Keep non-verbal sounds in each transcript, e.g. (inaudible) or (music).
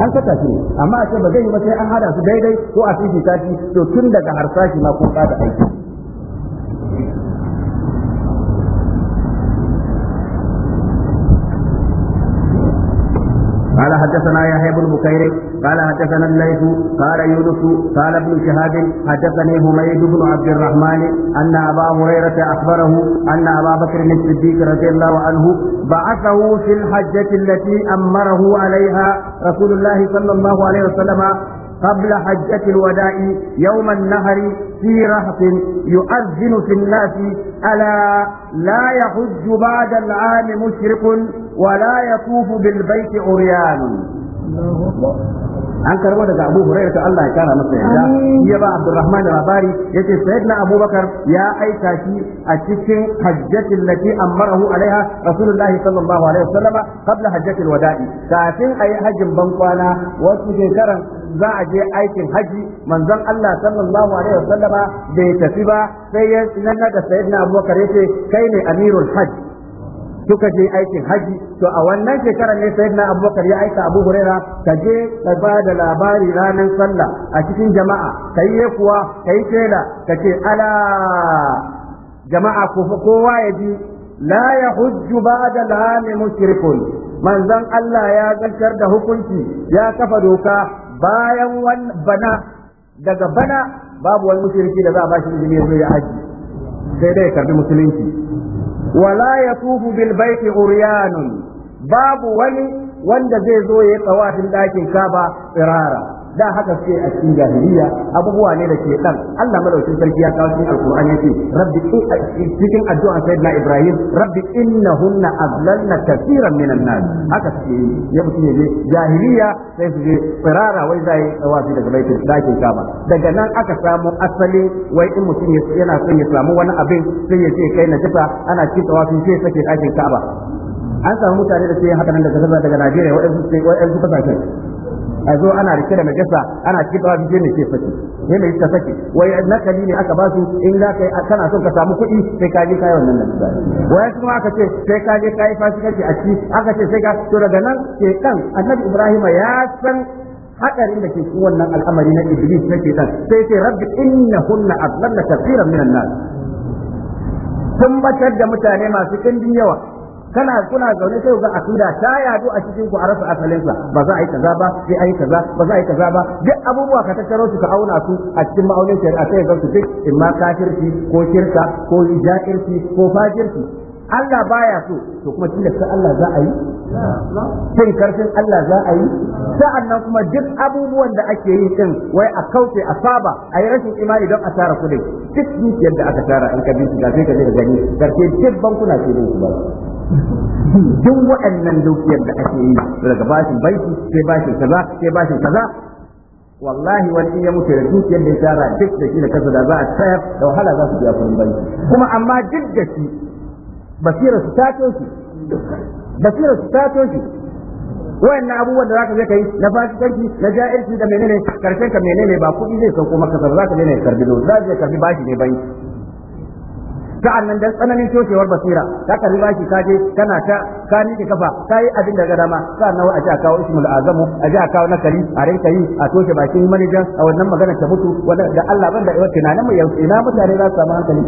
an saka shi amma a ce ba zai yi ba sai an hada su daidai ko a fifita shi to tun daga harsashi ma kun kada aiki قال حدثنا يحيى بن بكير قال حدثنا الليث قال يونس قال ابن شهاب حدثني حميد بن عبد الرحمن ان ابا هريره اخبره ان ابا بكر الصديق رضي الله عنه بعثه في الحجه التي امره عليها رسول الله صلى الله عليه وسلم قبل حجة الوداع يوم النهر في رهط يؤذن في الناس ألا لا يحج بعد العام مشرك ولا يطوف بالبيت عريان an karbo daga Abu Hurairah ta Allah ya kara masa yarda ya ba Abdurrahman labari yace sayyidina Abubakar ya aika shi a cikin hajjatin lati amarahu alaiha Rasulullahi sallallahu alaihi wasallam qabla hajjatil wada'i kafin ayi hajjin kwana, wasu shekaran za a je aikin haji manzon Allah sallallahu alaihi wasallama bai tafi ba sai ya nanna da sayyidina Abubakar yace kai ne amirul haji suka je aikin haji to a wannan shekarar ne sayyidina abubakar ya aika abu huraira ka je ka ba da labari ranar sallah a cikin jama'a ka yi kuwa ka yi tela ka ce ala jama'a kowa ya ji la ya hujju ba da lami mushrikun manzon Allah ya zartar da hukunci ya kafa doka bayan bana daga bana babu wani musulunci da za a ba shi izini ya haji sai dai karbi musulunci wala yatufu bil baiti uryanun babu wani wanda zai zo ya yi tsawafin ɗakin kaba tsirara da haka suke a cikin jahiliya abubuwa ne da ke dan Allah madaukin sarki ya kawo cikin alkur'ani yace rabbi cikin addu'a sayyidina ibrahim rabbi innahunna adlalna kaseeran minan nas haka suke yi ya ne jahiliya sai su je tsirara wai zai tawafi daga baitul dakin kaba daga nan aka samu asali wai in mutum yana son ya samu wani abin sai ya ce kai na jita ana cikin tawafi sai sake dakin kaba an samu mutane da suke haka nan daga daga Najeriya wa'ansu kasashen a zo ana rike da najasa ana cikin tsawa bije ke saki sai mai ta saki wai nakali ne aka basu in za ka kana son ka samu kuɗi sai ka je kai wannan da wai kuma aka ce sai ka je kai fasikanci a ci aka ce sai ka to daga nan ke kan annabi ibrahima ya san hadarin da ke cikin wannan al'amari na Iblis na ke sai sai rabbi innahunna adlalla kaseeran minan nas sun batar da mutane masu kindin yawa kana kuna zaune sai ga akida ta yadu a cikin ku a rasa asalin sa ba za a yi kaza ba sai a yi kaza ba za a yi kaza ba duk abubuwa ka tattaro su ka auna su a cikin ma'aunin shari'a sai ga su duk imma kafirci ko kirka ko ja'irci ko fajirci Allah baya so to kuma tilasta Allah za a yi cin karfin Allah za a yi sa'annan kuma duk abubuwan da ake yi din wai a kauce a saba a yi rashin imani don a tara kudi duk dukiyar da aka tara an kabin shiga sai ka je da gani karshe duk bankuna ce da su ba duk waɗannan dukiyar da ake yi daga bashin banki sai bashin kaza sai bashin kaza wallahi wani ya mutu da dukiyar da ya tara duk da shi da kasa da za a tsayar da wahala za su biya kuɗin banki kuma amma duk da shi basirar su ta toshe basirar ta toshe wayannan abubuwan da zaka je kai na fasikanci na ja'irci da menene karshen ka menene ba kuɗi zai sauko maka ba zaka daina karbi dole, za ka karbi bashi ne bai ta nan da tsananin toshewar basira ta karbi bashi ka je kana ta ka nike kafa ka yi abin da gada ma sa'an nan a ja a kawo ismul azamu a ji a kawo kari a rinka yi a toshe bakin manajan a wannan magana ta mutu wanda da Allah ban da tunanin mu ina mutane za su samu hankali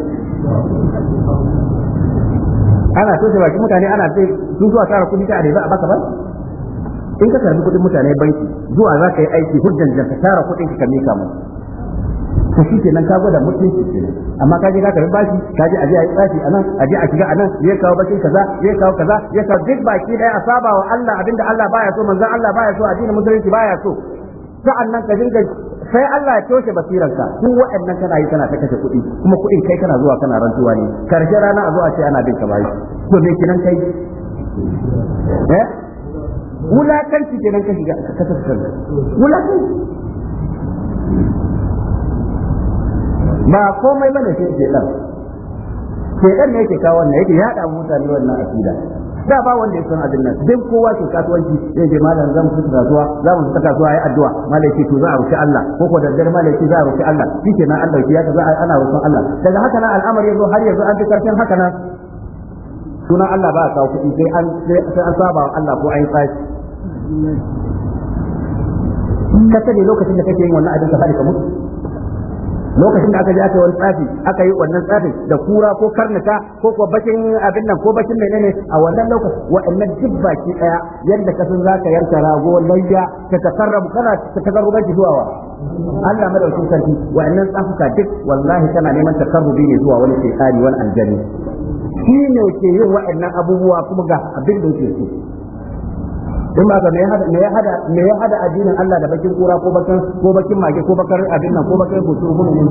ana toshe bakin mutane ana ce su zuwa tsara kuɗi ta za a baka ba in ka karbi kuɗin mutane banki zuwa za ka yi aiki hujjan jan ka tara kuɗin ka mika ka mu Ka shi kenan ka gwada mutunci ke amma ka je ka karbi bashi ka je a a yi bashi a nan a a shiga a nan ya kawo bakin kaza ya kawo kaza ya kawo duk baki ɗaya a saba wa Allah abinda Allah baya so manzon Allah baya so addinin musulunci baya so sa'an nan ka dinga sai Allah ya toshe basiranka ku wa'annan kana yi kana ta kashe kuɗi kuma kuɗin kai kana zuwa kana rantsuwa ne karshe rana a zuwa sai ana bin ka bayi to me kinan kai eh wulakanci kenan ka shiga ka tafsir wulakanci ba komai bane sai ke dan ke dan ne yake kawo wannan yake yada mutane wannan akida da ba wanda ya san abin nan duk kowa ke kasuwanci zai je malam zamu fita kasuwa zamu fita kasuwa yi addu'a malaki to za a roki Allah ko ko daddare malaki za a roki Allah shike na Allah ya ta za ana roƙon Allah daga haka nan al'amari yazo har yanzu an fi karshen haka nan sunan Allah ba a kawo kuɗi sai an sai an saba wa Allah ko an yi ka sani lokacin da kake yin wannan abin ka fadi ka mutu lokacin da aka ji aka yi wani tsafi aka yi wannan tsafi da kura ko karnuka ko ko bakin abin nan ko bakin ne a wannan lokacin wa'annan duk baki daya yadda ka san zaka yanka rago layya ka takarrabu kana ka takarruba ki zuwa wa Allah madaukakin sarki wa'annan tsafuka duk wallahi kana neman takarrubi ne zuwa wani tsari wani aljani shi ne ke yin wa'annan abubuwa kuma ga abin da yake so don ba me hada me hada me hada addinin Allah da bakin kura ko bakin ko bakin mage ko bakar abin nan ko bakar kusu ne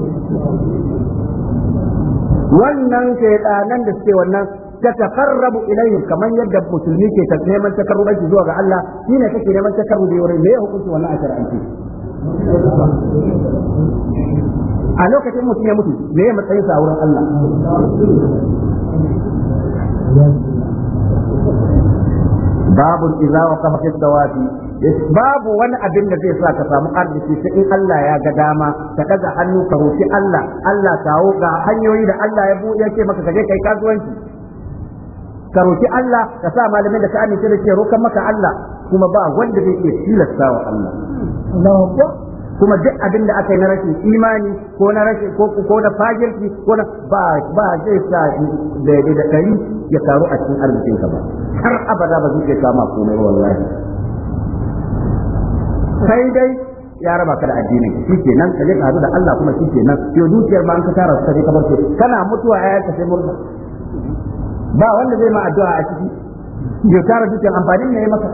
wannan shaytanan da suke wannan تتقرب إليه كما يدى مسلمي كي تتنمى تقرب ga Allah, shine هنا تكي نمى تقرب يوري ليه قلت وانا أشر wannan a lokacin mutum ya mutu me ya matsayin a wurin Allah babu idza wa fit babu wani abin da zai sa ka samu arziki sai in Allah ya ga dama ka daga hannu ka roki Allah Allah kawo ga hanyoyi da Allah ya buɗe yake maka kaje kai kasuwanci ka roki Allah ka sa malamin da ka amince da ke roƙan maka Allah kuma ba wanda zai iya tilasta wa Allah Allahu kuma duk abin da aka yi na rashin imani ko na rashin ko ko da fajirci ko na ba ba zai sa da da kai ya karu a cikin arzikin ka ba har abada ba zai kama komai wallahi sai dai ya raba ka da addinin shi ke nan ka je ka da Allah kuma shi ke nan dukiyar ba an ka tara ka je kamar kana mutuwa ya ka sai murna ba wanda zai ma addu'a a ciki ya tara dukiyar amfani ne maka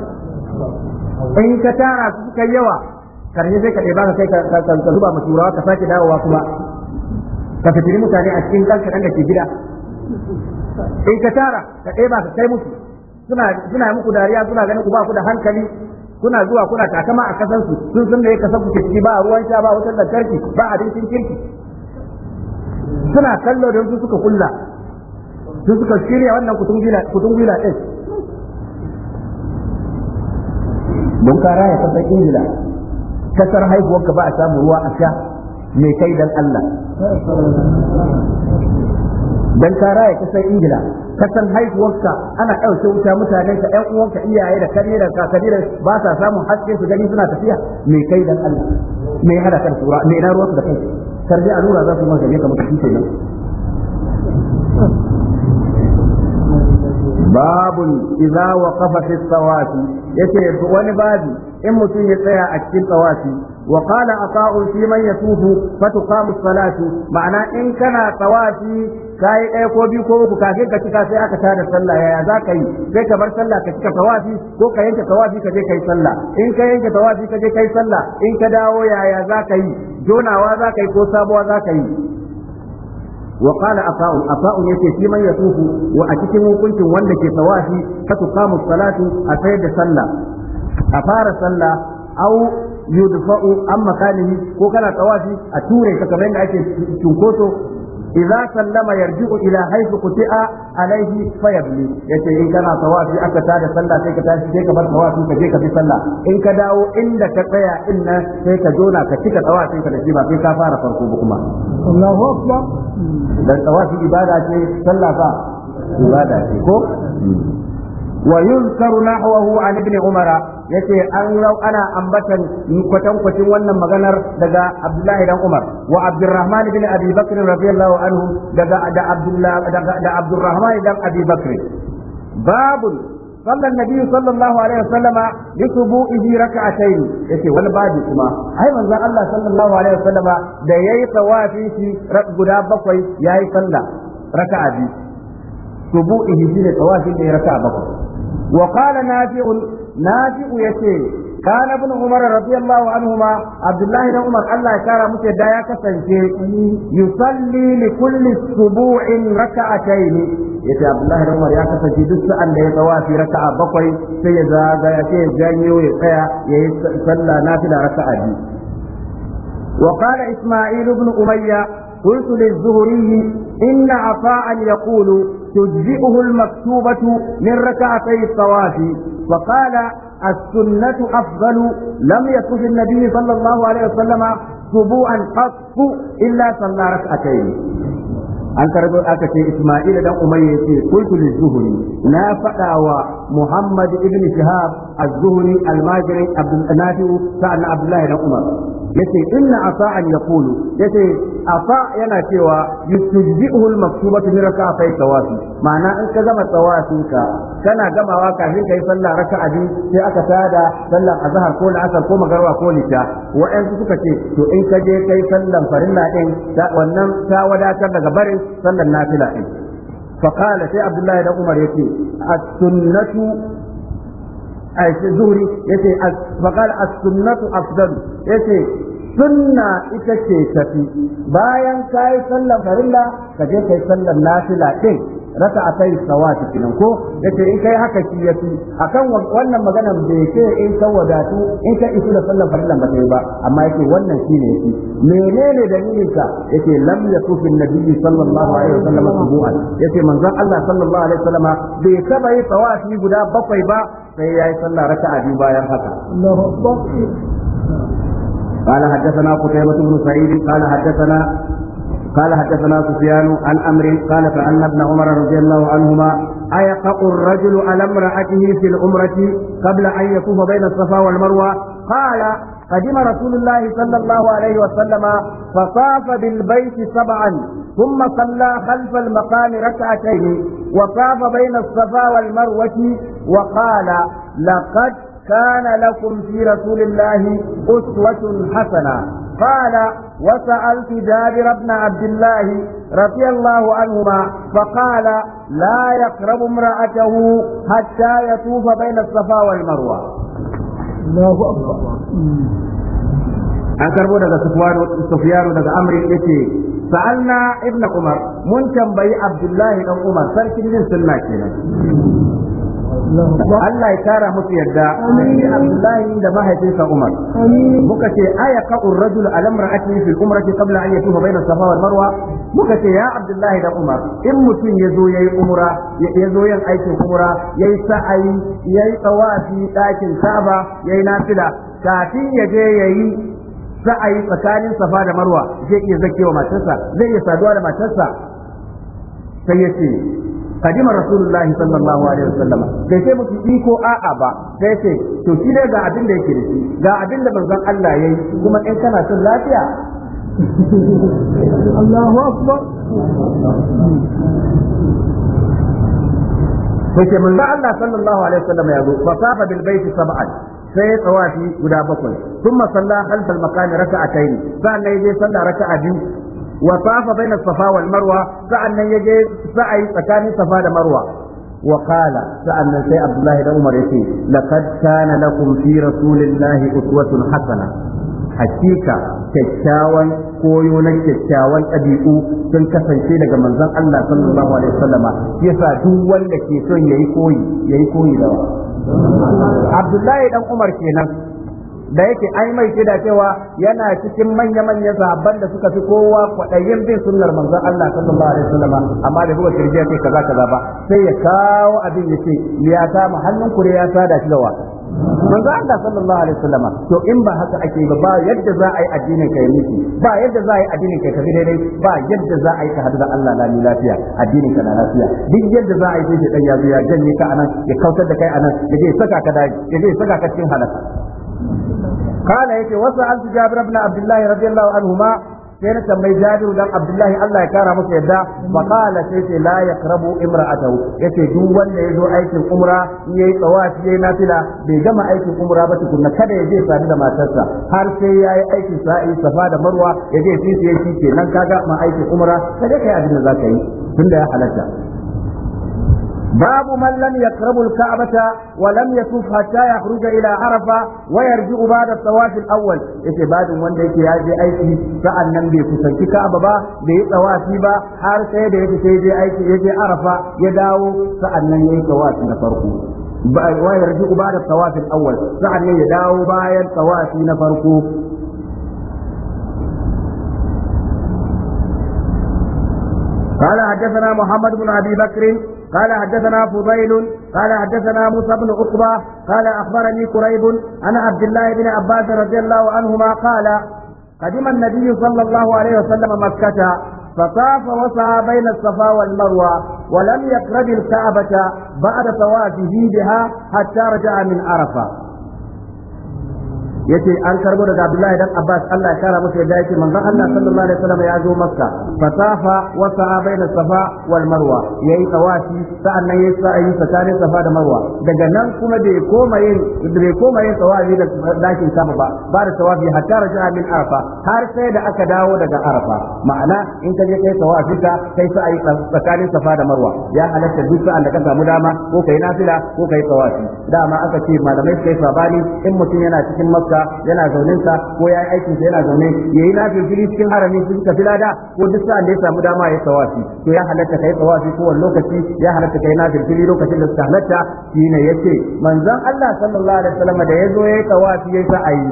in ka tara su kai yawa karni sai ka ɗeba ka kai ka zuba masu turawa ka sake dawowa kuma ka fitiri mutane a cikin kanka da ke gida in ka tara ka ɗeba ka kai musu suna muku dariya suna ganin ku ba ku da hankali kuna zuwa kuna takama a kasansu sun sun da ya kasa ku ciki ba ruwan sha ba wutar lantarki ba abincin kirki suna kallo don sun suka kulla sun suka shirya wannan kutun gila ɗin Mun kara ya ingila kasar haihuwarka ba a samu ruwa a sha mai kai dan Allah dan ka raya kasar ingila kasar haihuwarka ana ɗauke wuta mutanen ka ƴan uwanka iyaye da kanne da kakanni da ba sa samun haske su gani suna tafiya mai kai dan Allah mai hada kan tura mai na ruwanka da kai sarje alura za su yi magani kamar kike nan babun idza waqafa fi sawati yace wani babu in mutum ya tsaya a cikin tawafi wa qala ata'u fi man yatufu fa tuqamu salatu ma'ana in kana tawafi kai ɗaya ko biyu ko uku kafin ka cika sai aka tada sallah yaya za ka yi sai ka bar sallah ka cika tawafi ko ka yanke tawafi ka je kai sallah in ka yanke tawafi ka je kai sallah in ka dawo yaya za ka yi jonawa za ka yi ko sabuwa za ka yi وقال أفاء أفاء يتي في من يطوف وأتكم كنت وندك توافي فتقام الصلاة أسيد صلى a fara sallah au yudfa'u an makalihi ko kana tawafi a ture ka kamar yadda ake cunkoso idza sallama yarji'u ila haythu quti'a alayhi fayabli yace in kana tawafi aka tada sallah sai ka tashi sai ka bar tawafi ka je ka bi sallah in ka dawo inda ka tsaya in nan sai ka jona ka cika tawafin ka da shi ba sai ka fara farko ba kuma Allahu akbar dan tawafi ibada ce sallah fa ibada ce ko ويذكر نحوه عن ابن عمر yace an rau ana ambatan kwatankwacin wannan maganar daga Abdullahi dan Umar wa Abdurrahman bin Abi Bakr radiyallahu anhu daga da Abdullah daga da Abdurrahman dan Abi Bakr babun صلى النبي صلى الله عليه وسلم لسبوئه ركعتين yace wani babu kuma ai manzon Allah sallallahu alaihi wasallama da yayi tawafi shi guda bakwai yayi sallah raka'a bi subu'ihi shine tawafin da ya raka'a bakwai nafi'u yace kana bin umar radiyallahu ma abdullahi da umar Allah ya kara muke da ya kasance yusalli li kulli subu'in raka'atayn yace abdullahi da umar ya kasance duk sa'an da ya tawafi raka'a bakwai sai ya zaga ya ce janyo ya tsaya yayi salla nafila raka'a biyu وقال إسماعيل بن أمية قلت للزهري إن عفاء Kulu. تجزئه المكتوبة من ركعتي الطواف فقال السنة أفضل لم يكف النبي صلى الله عليه وسلم سبوعا قط إلا صلى ركعتين an karbo aka ce Isma'il dan Umayya ce kultu lizuhri na faɗawa wa Muhammad ibn Shihab az-Zuhri al-Majri Abdul Nafi sa'an Abdullah dan Umar yace inna asa'an yaqulu yace afa yana cewa yutujihul maktubatu min raka'atay tawafi ma'ana in ka gama tawafin ka kana gamawa kafin kai sallah raka'a biyu sai aka tada sallar azhar ko la'asar ko magarwa ko wa waɗansu suka ce to in ka je kai sallan farilla din wannan ta wadatar daga barin sallan nafila din فقال سي عبد الله بن عمر يتي السنة أي زهري يتي فقال السنة أفضل يتي sunna ita ce tafi bayan ka yi sallan farilla ka je ka yi sallan nafila din raka a kai sawa cikin ko yace in kai haka shi yafi akan wannan magana bai ce in ka wadatu in ka isu da sallan farilla ba kai ba amma yake wannan shine yafi menene dalilin ka yace lam na biyu sallallahu alaihi wasallam ya yace manzon Allah sallallahu alaihi wasallam bai taba yi tawafi guda bakwai ba sai yayi sallah raka'a biyu bayan haka قال حدثنا قتيبة بن سعيد قال حدثنا قال حدثنا سفيان عن أمر قال فأن ابن عمر رضي الله عنهما أيقق الرجل على امرأته في العمرة قبل أن يطوف بين الصفا والمروة قال قدم رسول الله صلى الله عليه وسلم فطاف بالبيت سبعا ثم صلى خلف المقام ركعتين وطاف بين الصفا والمروة وقال لقد كان لكم في رسول الله أسوة حسنة قال وسألت جابر بن عبد الله رضي الله عنهما فقال لا يقرب امرأته حتى يطوف بين الصفا والمروة الله أكبر an karbo daga sufiyanu daga amri yace sa'alna ibn umar mun tambayi abdullahi dan umar sarkin jin sunna kenan Allah ya tara musu yadda da Abdullahi da mahaifinsa Umar muka ce aya ka urrajul alam ra'ati fil umrati qabla an yatufa bayna safa wal marwa muka ce ya Abdullahi da Umar in mutum yazo yayi umra yazo yin aikin umra yayi sa'ayi yayi tawafi dakin Kaaba yayi nafila kafin ya je yayi sa'ayi tsakanin safa da marwa zai iya zakewa matarsa zai iya saduwa da matarsa sai ya ce kadima rasulullahi sallallahu alaihi wasallam bai ce musu iko a'a ba sai sai to shi dai ga abin da yake da shi ga abin da manzon Allah yayi kuma in kana son lafiya (laughs) Allahu akbar sai manzo Allah sallallahu alaihi wasallam ya zo fa safa bil bait sab'an sai tsawafi guda bakwai kuma sallah khalfal maqami raka'atayn sannan yayi sallah raka'a biyu wa tafa baina safa wal marwa sa'annan yaje sa'ayi tsakanin safa da marwa وقال سألنا سي عبد الله بن عمر يقول لقد كان لكم في رسول الله أسوة حسنة hakika kyakkyawan koyo na kyakkyawan ɗabi'u sun kasance daga manzon Allah sallallahu alaihi wasallama yasa duk wanda ke son yayi koyi koyi da Abdullahi dan Umar kenan da yake ai mai da cewa yana cikin manya-manyan sahabban da suka fi kowa kwaɗayin bin sunnar manzon Allah sallallahu alaihi wasallam amma da kuma kirje ce kaza kaza ba sai ya kawo abin yace ya sa hannun kure ya da shi dawa manzo Allah sallallahu alaihi wasallam to in ba haka ake ba ba yadda za a yi addinin ka miki ba yadda za a yi addinin ka tafi daidai ba yadda za a yi ka da Allah na ni lafiya addinin ka na lafiya duk yadda za a yi sai dan ya zo ya janye ka anan ya kautar da kai anan ya je saka ka daji ya je saka ka cikin halaka قال يتي وسألت جابر بن عبد الله رضي الله عنهما sai na mai jabiru dan abdullahi Allah ya kara masa yadda fa qala sai imra la yaqrabu imra'atahu yace duk wanda ya zo aikin umra yayi tsawafi yayi nafila bai gama aikin umra ba tukunna kada ya je sadu da matarsa har sai yayi aikin sa'i safa da marwa ya je sisi ya nan kenan kaga ma aikin umra sai dai kai abin da ka yi tunda ya halarta. باب من لم يقرب الكعبة ولم يطوف حتى يخرج إلى عرفة ويرجع بعد الطواف الأول إيه بعد من ذلك يأتي أيتي فأن نبي كسنك كعبة با بي طوافي با حار سيد يأتي أيتي يجي عرفة يداو فأن نبي طوافي نفرقه ويرجع بعد الطواف الأول فأن يداو بايا طوافي نفرقه قال حدثنا محمد بن أبي بكر قال حدثنا فضيل قال حدثنا موسى بن عقبة قال أخبرني كريب أنا عبد الله بن عباس رضي الله عنهما قال قدم النبي صلى الله عليه وسلم مكة فطاف وسعى بين الصفا والمروة ولم يقرب الكعبة بعد طوافه بها حتى رجع من عرفة yace an karbo daga Abdullahi dan Abbas Allah ya kara masa yadda yake manzon Allah sallallahu alaihi wasallam ya zo Makka fasafa wa sa'a baina Safa wal Marwa yayi tawafi sa'annan yayi sa'ayi tsakanin Safa da Marwa daga nan kuma bai koma yin bai koma yin tawafi da dakin sama ba ba da tawafi hatta raja'a min Arafa har sai da aka dawo daga Arafa ma'ana in ka je kai tawafi ka kai sa'ayi tsakanin Safa da Marwa ya halatta duk sa'an da ka samu dama ko kai nafila ko kai tawafi dama aka ce malamai sai sabani in mutum yana cikin Makka sa yana zaunin sa ko ya yi aikin sa yana zaune yayi yi fili cikin harami cikin kafila da ko duk sa da ya samu dama ya tsawafi to ya halatta kai tawafi ko wani lokaci ya halatta kai nafil fili lokacin da suka halatta shine yace manzon Allah sallallahu alaihi wasallam da yazo ya tawafi yayi sa'ayi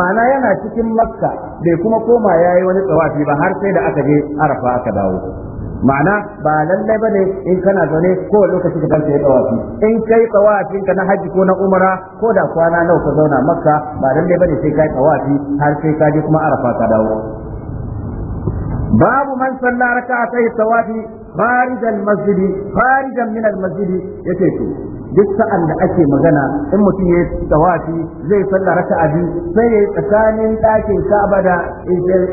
ma'ana yana cikin makka bai kuma koma yayi wani tsawafi ba har sai da aka je arafa aka dawo ma'ana ba lallai bane in kana zaune ko lokaci ka ya tawafi in kai tawafin ka na haji ko na umara ko da kwana nawa ka zauna makka ba lallai bane sai kai tawafi har sai ka je kuma arafa ka dawo babu man sallara ka tawafi farijan min al masjidi yake to duk sa'an da ake magana in mutum ya tawafi zai sallah raka'a biyu sai ya tsakanin ɗakin Ka'aba da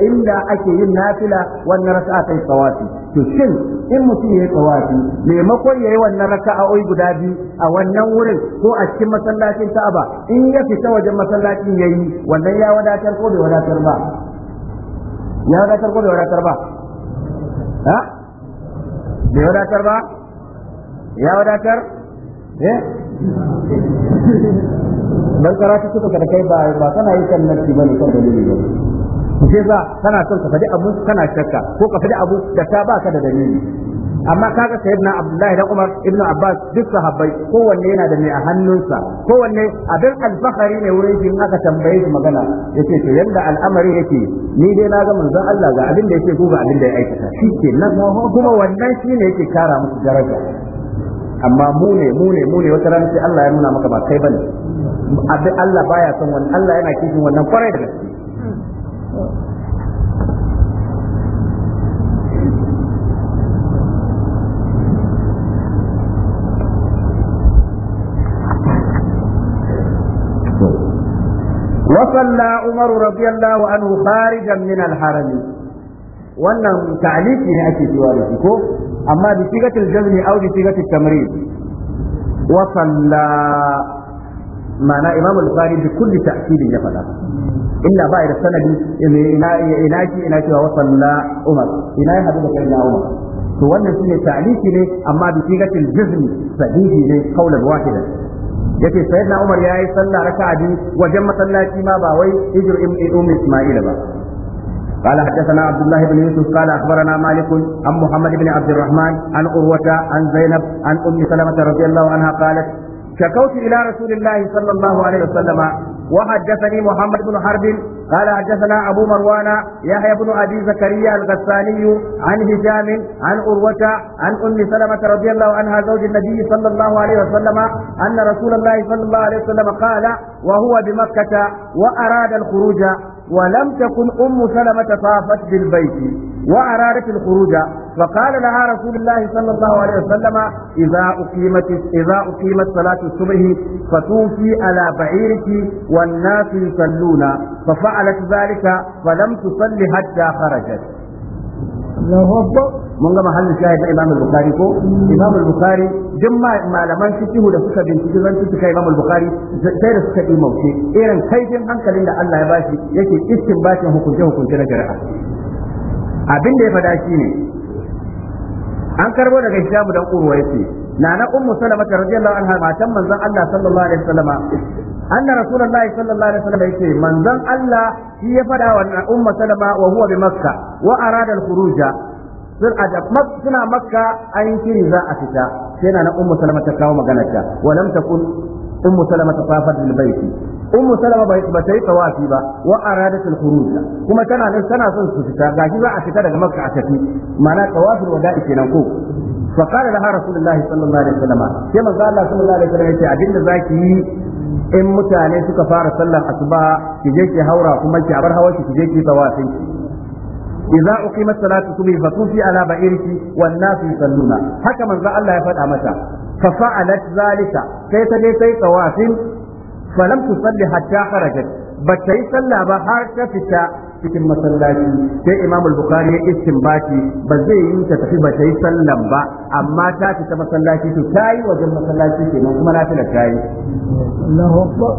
inda ake yin nafila wannan raka'a sai tawafi to shin in mutum ya tawafi maimakon yayi wannan oi guda biyu a wannan wurin ko a cikin masallacin Ka'aba in ya fita wajen masallacin yayi wannan ya wadatar ko bai wadatar ba ya wadatar ko bai wadatar ba ha bai wadatar ba ya wadatar ban karatu suka da kai ba ba kana yi kan nafsi bane kan dalili ba ke za kana son ka faɗi abu kana shakka ko ka faɗi abu da ta ba ka da dalili amma kaga sayyidina abdullahi da umar ibnu abbas duk sahabbai kowanne yana da mai a hannunsa kowanne abin alfahari ne wurin shi aka tambaye shi magana yace to yanda al'amari yake ni dai na ga manzon Allah ga abin da yake ko ga abin da ya aikata shi ke nan kuma wannan shine yake kara musu daraja amma mu ne mu ne mu ne wata rana sai Allah ya nuna maka ba kai bane abin Allah baya son wannan Allah yana kishin wannan kwarai da gaske وصلى عمر رضي الله عنه خارجا من الحرم wannan ta'aliki ne ake cewa da ko amma bi sigatil jazmi aw bi sigatil tamrid wa salla ma'ana imam al-bukhari bi kulli ta'kidin ya faɗa illa ba da sanadi ina ina ki ina cewa wa umar ina ya hadu da kai na umar to wannan shine ta'liki ne amma bi sigatil jazmi ne qawlan wahidan yace sayyidina umar yayi sallah raka'a biyu wajen masallaci ma ba wai hijr ibn isma'ila ba قال حدثنا عبد الله بن يوسف قال اخبرنا مالك عن محمد بن عبد الرحمن عن عروه عن زينب عن ام سلمه رضي الله عنها قالت شكوت إلى رسول الله صلى الله عليه وسلم وحدثني محمد بن حرب قال حدثنا أبو مروان يحيى بن أبي زكريا الغساني عن هشام عن أروة عن أم سلمة رضي الله عنها زوج النبي صلى الله عليه وسلم أن رسول الله صلى الله عليه وسلم قال وهو بمكة وأراد الخروج ولم تكن أم سلمة طافت بالبيت وأرادت الخروج فقال لها رسول الله صلى الله عليه وسلم إذا أقيمت إذا أقيمت صلاة الصبح فتوفي على بعيرك والناس يصلون ففعلت ذلك فلم تصل حتى خرجت mun gama mahallin shahid na Imam Bukhari ko Imam Bukhari duk malaman fiqh da suka binciki zan su kai Imam Bukhari sai da suka yi mauce irin kaifin hankalin da Allah ya bashi yake bashin hukunce hukunce na jara'a. abin da ya fada shine an karbo daga Hisham dan Urwa yace nana ummu salama radiyallahu anha matan manzon Allah sallallahu alaihi wasallama anna rasulullahi sallallahu alaihi wasallam yake manzon Allah shi ya fada wa umma salama wa huwa makka wa arada al-khuruja suna makka an kiri za a fita sai na ummu salama ta kawo maganar ta wa lam ummu salama ta safar bil baiti ummu bai ba tayi tawafi ba wa aradat al khuruj kuma tana nan tana son su fita gaji za a fita daga makka a tafi ma'ana tawafin wada'i kenan ko fa qala laha rasulullahi sallallahu alaihi wasallam sai manzo Allah sallallahu alaihi wasallam yace abinda zaki yi in mutane suka fara sallar asuba ki je ki haura kuma ki a bar hawa ki je ki tawafin إذا أقيمت صلاة الصبح فكوفي على بعيرك والناس يصلون هكذا Allah ya faɗa mata. fa fa'alat zalika sai ta dai sai tawafin falam tusalli hatta kharajat bata yi sallah ba har ta fita cikin masallaci sai imam al-bukhari ya iskin ba zai yi ta tafi ba ta yi sallan ba amma ta fita masallaci to tayi wajen masallaci kenan kuma na fila ta yi Allahu akbar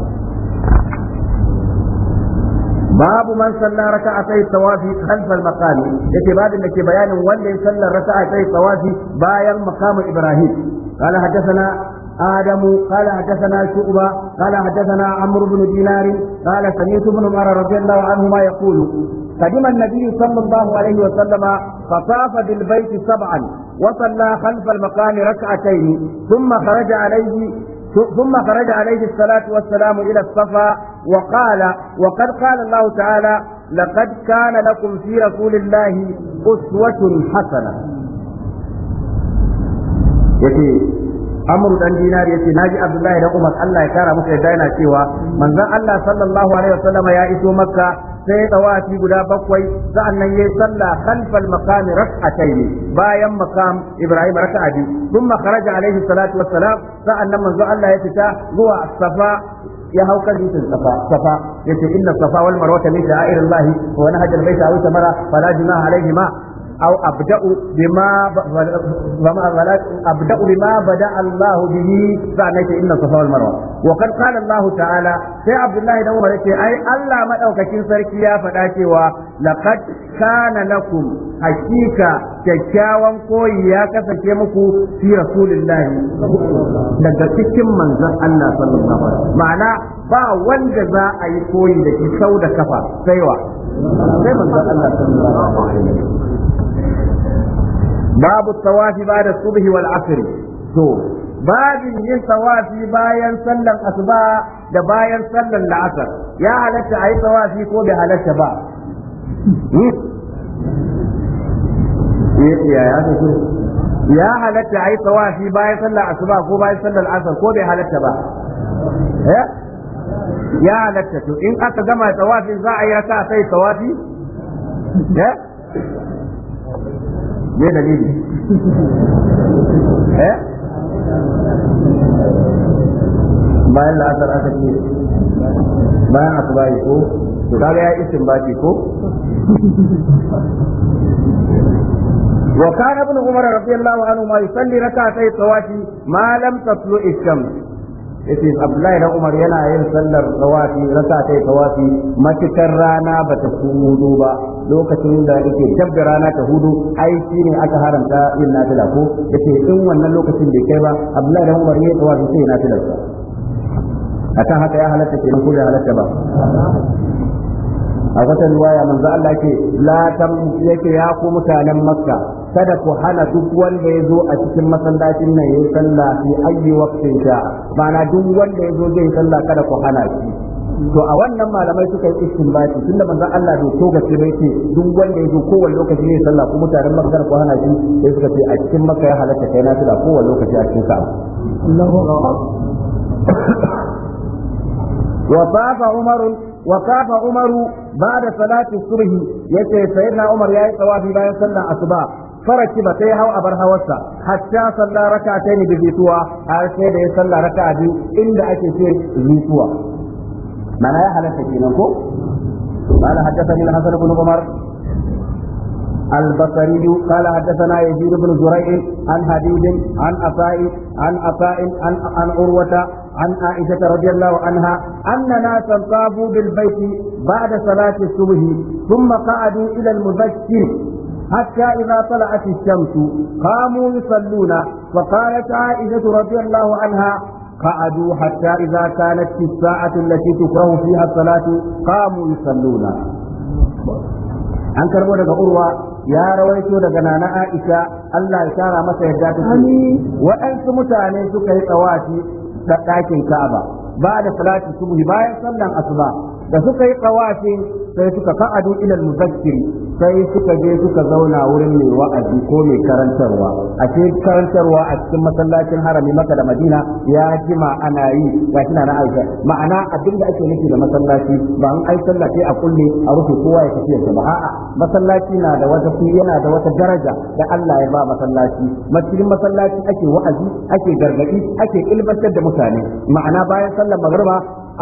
babu man salla raka'a sai tawafi khalf al-maqami yake babin da ke bayanin wanda ya salla raka'a sai tawafi bayan maqamu ibrahim قال حدثنا آدم قال حدثنا شعبة قال حدثنا عمرو بن دينار قال سمعت بن عمر رضي الله عنهما يقول قدم النبي صلى الله عليه وسلم فطاف بالبيت سبعا وصلى خلف المقام ركعتين ثم خرج عليه ثم خرج عليه الصلاة والسلام إلى الصفا وقال وقد قال الله تعالى لقد كان لكم في رسول الله أسوة حسنة yace amr dan dinar yace naji abdullahi da umar Allah ya kara masa yadda yana cewa manzon Allah sallallahu alaihi wasallam ya iso makka sai ya tsawafi guda bakwai sa'annan yayi sallah khalfal maqami rak'atayn bayan maqam Ibrahim raka'a biyu thumma kharaja alaihi salatu wassalam sa'annan manzon Allah ya fita zuwa safa ya hau kan dutsen safa safa yace inna safa wal marwa min sha'airillahi wa nahajal baita wa samara fala junaha alaihima أو أبدأ بما أبدأ بما بدأ الله به فأنيت إن الصفا والمروة وقد قال الله تعالى يا عبد الله بن عمر أي الله ما أوكشين سركي فتاتي لقد كان لكم حقيقة kyakkyawan koyi ya kasance muku fi rasulillahi daga cikin manzon Allah sallallahu alaihi wasallam ma'ana ba wanda za a yi koyi da shi sau da kafa sai wa sai manzon Allah sallallahu alaihi wasallam babu tawafi ba da wal asr to babu yin tawafi bayan sallan asuba da bayan sallan la'asar ya halatta ayi tawafi ko bai halatta ba ya halatta ayi tawafi bayan sallan asuba ko bayan sallan asar ko bai halatta ba ya halatta to in aka gama tawafin za a yi raka sai me dalili eh bayan la'asar aka ce bayan aka bayi ko to kaga ya isin baki ko wa kana ibn umar radiyallahu anhu ma yusalli rak'atay tawafi ma lam tatlu' ash-shams yace Abdullahi dan Umar yana yin sallar tawafi rasa ta tawafi matukar rana bata hudu ba lokacin da yake dabda rana ta hudu ai ne aka haramta yin nafila ko yace in wannan lokacin bai kai ba Abdullahi dan Umar yayi tawafi sai nafilar sa akan haka ya halatta ke ko ya halatta ba a wata riwaya manzo Allah yake la tam yake ya ku mutanen Makka kada ku hana duk wanda ya zo a cikin masallacin nan ya sallah fi ayyi waqtin sha'a ma'ana duk wanda ya zo zai sallah kada ku hana shi to a wannan malamai suka yi istinbati tunda manzon Allah bai to gace bai ce duk wanda ya zo kowanne lokaci ne sallah ko mutanen Makka ko hana shi sai suka ce a cikin Makka ya halatta kai na tula kowanne lokaci a cikin ka Allahu Akbar wa tafa Umar wa tafa Umar ba'da salati subh yace sayyidina Umar yayi tawafi bayan sallar asuba فركب تيهو أبر هوسا حتى صلى ركعتين بذيتوا هل سيدة صلى ركعة دي إلا أكثر ذيتوا ما لا يحلق كينكو قال حدثني الحسن بن عمر البصري قال حدثنا يزيد بن زريع عن حديد عن عطاء عن عطاء عن عن عروة عن عائشة رضي الله عنها أن ناسا طابوا بالبيت بعد صلاة الصبح ثم قعدوا إلى المذكر حتى إذا طلعت الشمس قاموا يصلون فقالت عائشة رضي الله عنها قعدوا حتى إذا كانت في الساعة التي تكره فيها الصلاة قاموا يصلون an karbo daga urwa ya rawaito daga nana aisha Allah ya tara masa yadda ta waɗansu mutane suka yi tsawafi da ɗakin ka'aba ba da salati subhi bayan sallan asuba da suka yi tsawafi sai suka ka'adu ilal muzakkiri sai suka je suka zauna wurin mai wa'azi ko mai karantarwa a cikin karantarwa a cikin masallacin harami maka da madina ya jima ana yi ga shi na aisha ma'ana abinda ake nufi da masallaci ba an ai sallah a kulle a rufe kowa ya tafi ba a'a masallaci na da wata yana da wata daraja da Allah ya ba masallaci masjidin masallaci ake wa'azi ake gargadi ake ilmantar da mutane ma'ana bayan sallar magriba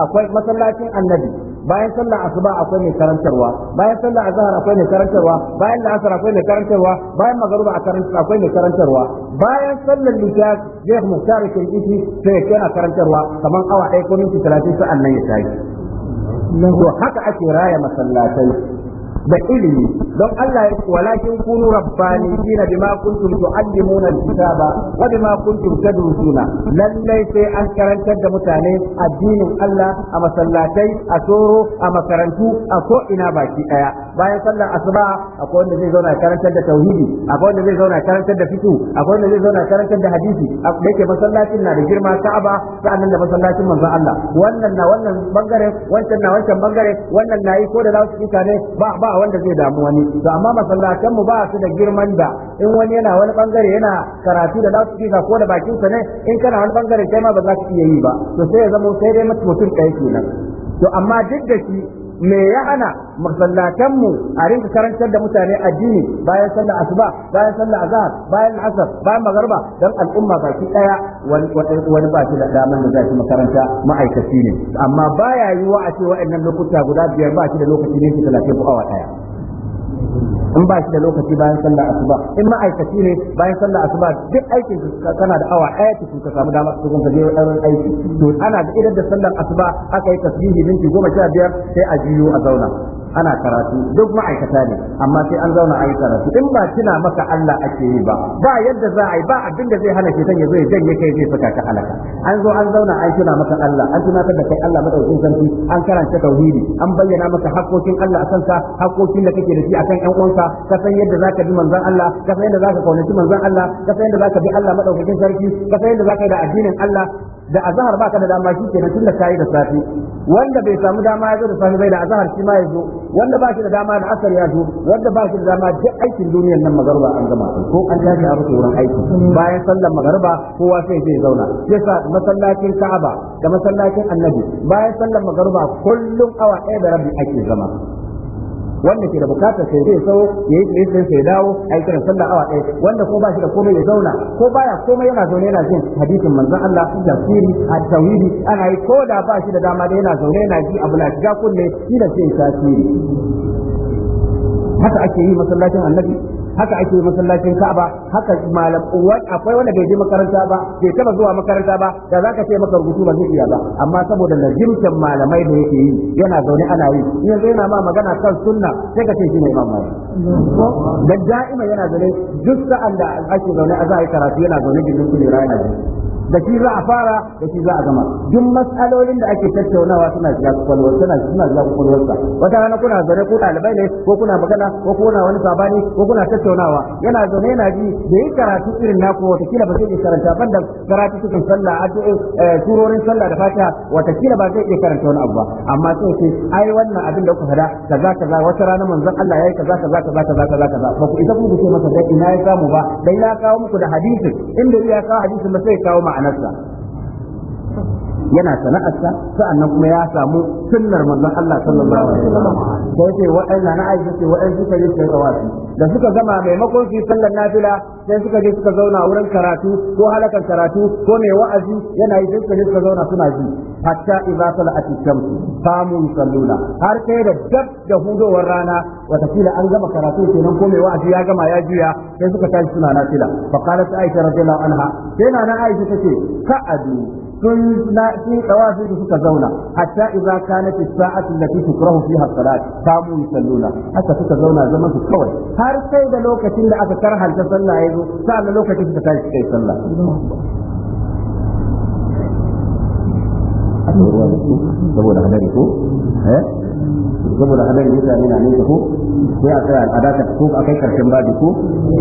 akwai masallacin annabi bayan sallar asuba akwai mai karantarwa bayan sallar azhar akwai mai karantarwa bayan la'asar akwai mai karantarwa bayan magruba akwai mai karantarwa bayan sallar lisha zai muhtar kirkiti sai kai a karantarwa kaman awa ɗaya ko minti 30 sa'an nan ya tashi haka ake raya masallatai da ilimi don Allah ya ce walakin kunu rabbaniyina bima kuntum tuallimuna alkitaba wa bima kuntum tadrusuna lallai sai an karantar da mutane addinin Allah a masallatai a soro a makarantu a ko ina baki daya bayan sallar asuba akwai wanda zai zauna karantar da tauhidi akwai wanda zai zauna karantar da fiqh akwai wanda zai zauna karantar da hadisi da yake masallacin na da girma Ka'aba sa'annan da masallacin manzon Allah wannan na wannan bangare wancan na wancan bangare wannan nayi ko da za su ne ba ba wanda zai damu wani to amma masallatan mu ba su da girman da in wani yana wani bangare yana karatu da loudspeaker ko da bakin sa ne in kana wani bangare kai ma ba za ka iya yi ba to sai ya zama sai dai mutum ɗaya kenan to amma duk da shi me ya hana masallatanmu a rinka karantar da mutane addini bayan sallar asuba bayan sallar azhar bayan asar bayan magaraba, dan al'umma baki daya wani ba shi da daman da zai makaranta ma'aikaci ne amma baya yiwa a ce wa'annan lokuta guda biyar ba shi da lokaci ne 30 ko awa daya in ba shi da lokaci bayan sallar asuba in ma'aikaci ne bayan sallar asuba duk aikin kana da awa ɗaya cikin ka samu damar sukan kuma je ɗaurin aiki to ana da idan da sallar asuba aka yi tasbihi minti goma sha biyar sai a jiyo a zauna ana karatu duk ma'aikata ne amma sai an zauna a yi karatu in ba kina maka Allah ake yi ba ba yadda za a yi ba abin da zai hana shetan ya zo ya janye kai zai saka ka halaka an zo an zauna an kina maka Allah an tunatar da kai Allah madaukakin sarki an karanta tauhidi an bayyana maka hakokin Allah a sa hakokin da kake da shi akan ƴan uwansa ka san yadda zaka bi manzon Allah ka san yadda zaka kaunaci manzon Allah ka san yadda zaka bi Allah madaukakin sarki ka san yadda zaka yi da addinin Allah da azahar baka da dama shi kenan tunda kai da safi wanda bai samu dama ya zo da safi bai da Azahar shi ma ya zo wanda ba shi da dama da asar ya zo wanda ba shi da dama duk aikin duniyar nan magarba an gama ko an tashi a rufe wurin aiki bayan sallar magarba kowa sai zai zauna Yasa masallacin Ka'aba da masallacin Annabi bayan sallar magarba kullum awa ɗaya da rabi ake zama wanda ke da bukatar sai zai sau ya yi tsaye sai dawo a yi kiran sallah awa ɗaya wanda ko ba shi da komai ya zauna ko baya komai yana zaune yana jin hadisin manzon Allah tafsiri a tauhidi ana yi ko da ba shi da dama da yana zaune yana ji abu na shiga kunne shi da sai tasiri haka ake yi masallacin annabi haka ake masallacin Ka'aba haka malam akwai wanda bai je makaranta ba bai taba zuwa makaranta ba da zaka ce maka rubutu ba zai iya ba amma saboda lazimtan malamai da yake yi yana zaune ana yi yanzu yana ma magana kan sunna sai ka ce shi ne imam da da'ima yana zaune duk sa'an da ake zaune a za yi karatu yana zaune gindin ne rayuwa ne da shi za a fara da shi za a gama duk matsalolin da ake tattaunawa suna shiga kwakwalwar suna suna shiga kwakwalwarsa wata rana kuna zare ko ɗalibai ne ko kuna magana ko kuna wani sabani ko kuna tattaunawa yana zaune yana ji da yi karatu irin naku watakila ba zai iya karanta ban da karatu cikin sallah eh, surorin sallah da fata watakila ba zai iya karanta wani abu ba amma sai ce ai wannan abin da kuka fada kaza kaza wata rana manzon Allah yayi kaza kaza kaza kaza kaza kaza ba ku isa ku ce masa dai ina ya samu ba dai ya kawo muku da hadisin inda ya kawo hadisin ba sai kawo ma'anarsa yana sana'arsa sa'annan kuma ya samu sunnar manzon Allah sallallahu alaihi wasallam sai ce wa'anna na aisha ce wa'anna suka yi sai tawafi da suka zama maimakon su sallar nafila sai suka je suka zauna wurin karatu ko halakar karatu ko mai wa'azi yana yi sai suka je suka zauna suna ji hatta idza sala'at ash-shams yusalluna har sai da dab da hudowar rana watakila an gama karatu kenan ko mai wa'azi ya gama ya juya sai suka tashi suna nafila fa qalat aisha radiyallahu anha sai na aisha tace ka'adu سنة في توافد سكا زونا حتى إذا كانت الساعة التي تكره فيها الصلاة قاموا يصلون حتى سكا زونا زمن كوي هر سيدة لوكا تلا أتكرها الجسلة يزو سأل لوكا تلا كي صلى saboda hadari ko saboda hadari mutane na nesa ko sai a tsaya a dakar ko a kai karshen baji ko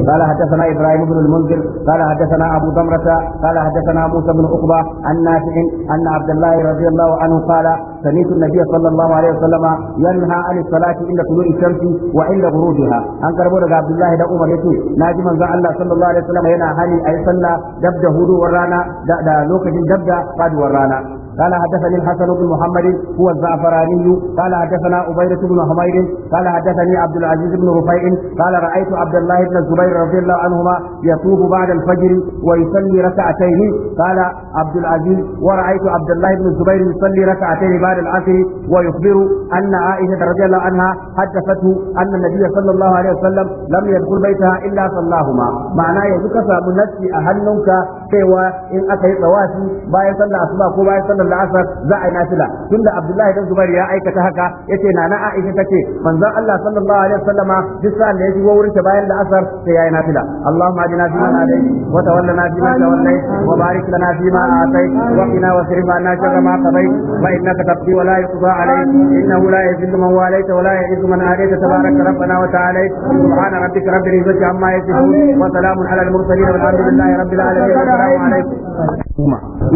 kala hadda sana ibrahim ibn al-munzir kala abu damrata kala hadda sana musa ibn uqba an nafi'in anna abdullahi radiyallahu anhu qala سمعت النبي صلى الله عليه وسلم ينهى عن الصلاة عند طلوع الشمس وعند غروبها أن قربوا عبد الله دعوما يتو ناجي من ذا الله صلى الله عليه وسلم ينهى هني أي صلى دبدا هدو ورانا دبدا لوكة دبدا قد ورانا قال حدثني الحسن بن محمد هو الزعفراني قال حدثنا عبيدة بن حميد قال حدثني عبد العزيز بن رفيع قال رأيت عبد الله بن الزبير رضي الله عنهما يطوف بعد الفجر ويصلي ركعتين قال عبد العزيز ورأيت عبد الله بن الزبير يصلي ركعتين بعد العصر ويخبر أن عائشة رضي الله عنها حدثته أن النبي صلى الله عليه وسلم لم يدخل بيتها إلا صلاهما معناه يذكر من نفسي أهلنك cewa in aka yi tsawasi bayan sallar asuba ko bayan sallar la'asar za a yi nafila tunda Abdullahi dan Zubair ya aikata haka yace nana Aisha tace manzon Allah sallallahu alaihi wasallama duk sa'an da ya shigo wurin ta bayan la'asar sai yayi nafila Allahumma ajina fi ma alayhi wa tawallana fi ma tawallayt wa barik lana fi ma atayt wa qina wasrif anna sharra ma qadayt wa innaka taqdi wa la yuqda alayk innahu la yuzillu man walayt wa la yu'izzu man adayt tabarak rabbana wa ta'ala subhana rabbika rabbil izzati amma yasifun wa salamun ala al mursalin walhamdulillahi rabbil alamin عليكم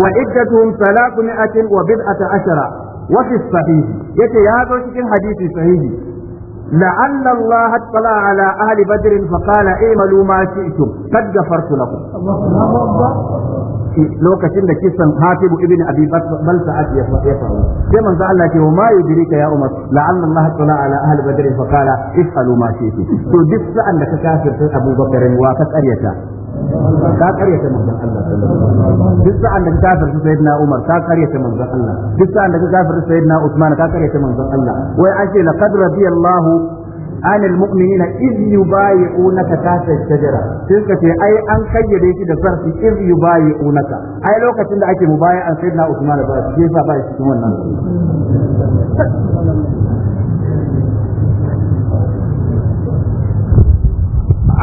وعدتهم ثلاثمائة وبضعة عشرة وفي الصحيح يتي يا دوشك حديث صحيح لعل الله اطلع على أهل بدر فقال اعملوا ما شئتم قد غفرت لكم لو لك لكسا حاتب ابن أبي بكر بل سعد يفعل كما قال لك وما يدريك يا أمت لعل الله اطلع على أهل بدر فقال افعلوا ما شئتم تدس أنك كافر أبو بكر وفتأريتا ka ta manzon Allah duk sa'an da ka kafirta sayyidina Umar ka ta manzon Allah duk sa'an da ka kafirta sayyidina Usman ka ta manzon Allah wai an ce laqad radiyallahu عن المؤمنين إذ يبايعونك تحت الشجرة تلك أي أن كيدي في دفرت إذ يبايعونك أي لو مبايع سيدنا كيف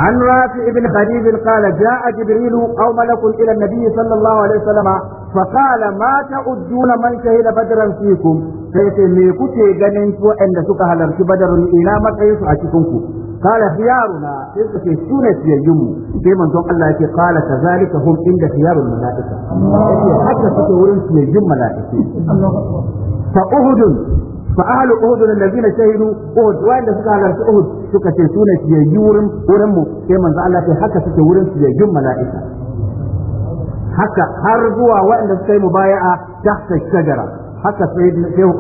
عن رافع بن خديج قال جاء جبريل أو ملك إلى النبي صلى الله عليه وسلم فقال ما تعدون من شهد بدرا فيكم فيتي مي كتي غنين سوى أن سكا هلرك بدر إلى ما تيسو أشكنكم قال خيارنا تلك سونة يجم كما نقول الله قال كذلك هم عند خيار الملائكة حتى سكورين يجم ملائكة فأهد fa ahlu uhud allazina shahidu uhud waɗanda suka halarci uhud suka ce suna ne fiyayyu wurin wurin mu sai manzo Allah ya haka suke wurin fiyayyun mala'ika haka har zuwa waɗanda suka yi mu mubaya'a tahta shajara haka sai Shehu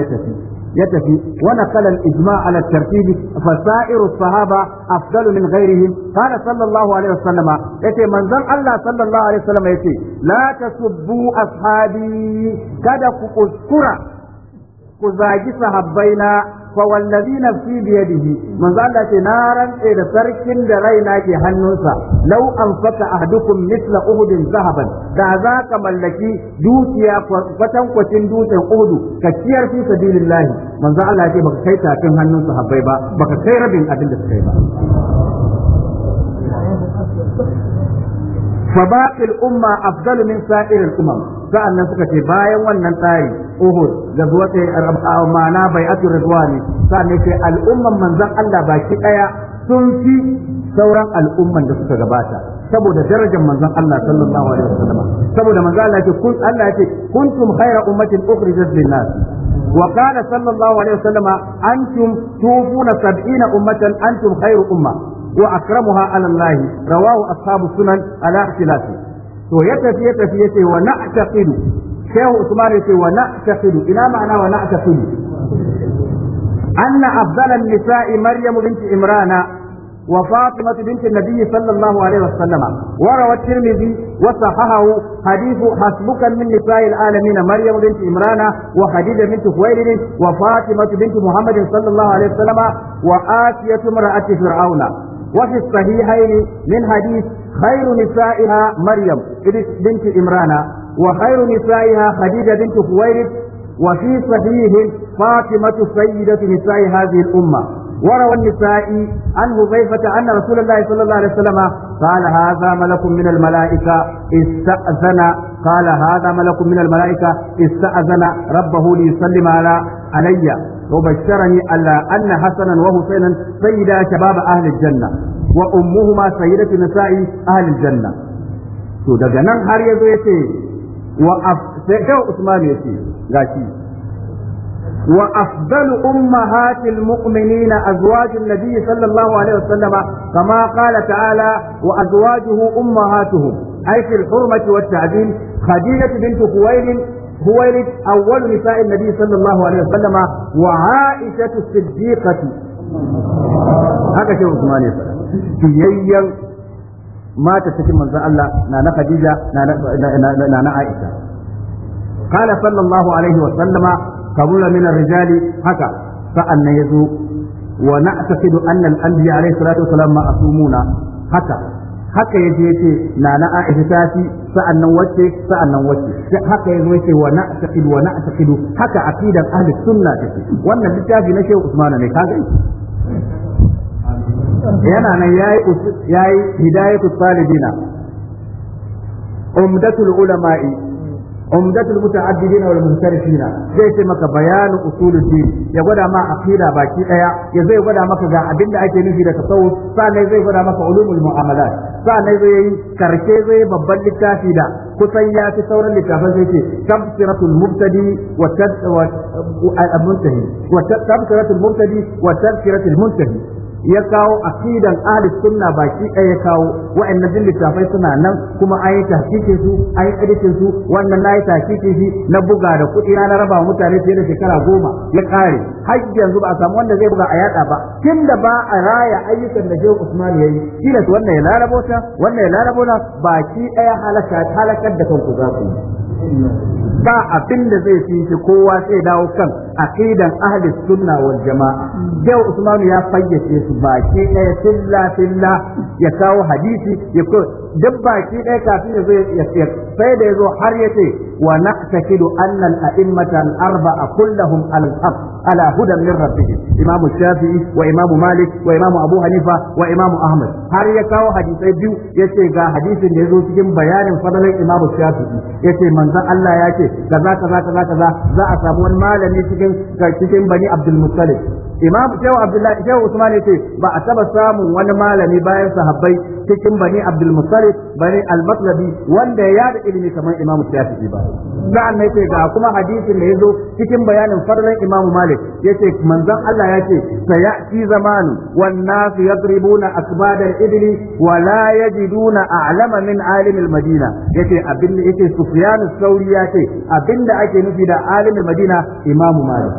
ya tafi ya tafi wa naqala al-ijma tartibi fa sa'iru sahaba afdalu min ghairihim qala sallallahu alaihi wasallama yace manzon Allah sallallahu alaihi wasallama yace la tasubbu ashabi kada ku kuskura ku zagi sahabbaina fa wallazi nafsi bi yadihi manzo Allah ce na rantse da sarkin da raina ke hannunsa law anfaka ahdukum mithla uhudin zahaban da za ka mallaki dukiya kwatan dutsen uhudu ka kiyar fi sabilillahi manzo Allah ce baka kai tafin hannun sahabbai ba baka kai rabin abin da suka yi ba فباقي Umma أفضل من سائر Sa'an nan suka ce bayan wannan tsari Uhud da zuwa ma'ana bai'atul ne sa'annan ce al'umman manzan Allah baki ɗaya sun fi sauran al'umman da suka gabata saboda darajar manzan Allah sallallahu alaihi wasallam saboda manzan Allah ce kun Allah ya ce kuntum khayra ummatin ukhrijat lin-nas وقال صلى الله عليه وسلم أنتم توفون سبعين أمة أنتم خير أمة وأكرمها على Allah rawahu أصحاب Sunan ala اختلافه to ya tafi ya tafi ya ce wa na taqidu shehu usman ya ce wa na taqidu ina ma'ana wa na taqidu anna afdal nisai maryam binti Imrana wa fatima binti nabiy sallallahu alaihi wasallam wa rawi at-tirmidhi wa sahahahu hadithu hasbukan min nisa'i al binti imran wa khadija binti khuwailid wa fatima binti muhammad sallallahu alaihi wasallam wa asiyatu mar'ati fir'auna وفي الصحيحين من حديث خير نسائها مريم بنت إمران وخير نسائها خديجة بنت خويلد وفي صحيح فاطمة سيدة نساء هذه الأمة وروى النسائي عن حذيفة أن رسول الله صلى الله عليه وسلم قال هذا ملك من الملائكة استأذن قال هذا ملك من الملائكة استأذن ربه ليسلم على علي وبشرني على أن حسنا وحسينا سيدا شباب أهل الجنة وأمهما سيدة نساء أهل الجنة to daga nan har yazo yace wa sai Usman yace gashi wa afdalu ummahatil mu'minina azwajun nabiy sallallahu alaihi wasallam kama qala ta'ala wa azwajuhu ummahatuhum ay fil hurmati wat abin khadijah bint khuwailid خويلد أول نساء النبي صلى الله عليه وسلم وعائشة الصديقة هذا شيء عثمان يقول ما تستكين من الله نانا خديجة نانا عائشة قال صلى الله عليه وسلم قبول من الرجال هكا فأن يزو ونعتقد أن الأنبياء عليه الصلاة والسلام معصومون هكا haka yake na na Aisha ta fi sa'annan wacce sa'annan wacce haka yake yake wa na taqid wa na taqid haka aqidan ahli sunna take wannan littafi na Sheikh Usman ne ka gani yana nan yayi yayi hidayatul talibina umdatul ulama'i umdatul muta'addidin wal muntarifin zai ce maka bayan usuluddin ya gwada ma aqida baki daya ya zai gwada maka ga abinda ake nufi da tasawuf sannan zai gwada maka ulumul mu'amalat sannan zai yi karke zai babban littafi da kusan ya fi sauran littafan sai ce tafsiratul mubtadi wa tafsiratul mubtadi wa tafsiratul muntahi ya kawo aqidan ahli sunna baki ɗaya ya kawo wa'annan din littafai suna nan kuma an yi tahqiqin su an yi editin su wannan nayi tahqiqin shi na buga da kuɗi na raba mutane fiye da shekara goma ya kare har yanzu ba a samu wanda zai buga a yada ba tun da ba a raya ayyukan da shehu usman ya yi tilas wannan ya larabo ta wannan ya larabo na baki ɗaya halaka halakar da kanku za ku ba abin da zai fi shi kowa sai dawo kan aqidan ahli sunna wal jama'a yau Usman ya fayyace su baki ɗaya filla filla ya kawo hadisi ya ko duk baki ɗaya kafin ya zo ya sai da ya zo har ya ce ونعتقد أن الأئمة الأربعة كلهم على الحق على هدى من ربهم إمام الشافعي وإمام مالك وإمام أبو حنيفة وإمام أحمد هل يكاو حديث بيو يتي غا حديث يزو cikin bayanin fadlan Imam Shafi'i yace manzon Allah ya ce kaza kaza kaza kaza za a samu wani malami cikin cikin Bani Abdul Muttalib imam shehu abdullahi shehu usman yace ba a taba samun wani malami bayan sahabbai cikin bani abdul muttalib bani al matlabi wanda ya yada ilimi kamar imam shafi'i ba sa'an ne ce ga kuma hadisin da yazo cikin bayanin fadlan imam malik yace manzon Allah yace sayati zamanu wan nas yadribuna akbada idli wa la yajiduna a'lama min alim al madina yace abin da yace sufyan sauri yace abinda ake nufi da alim al madina imam malik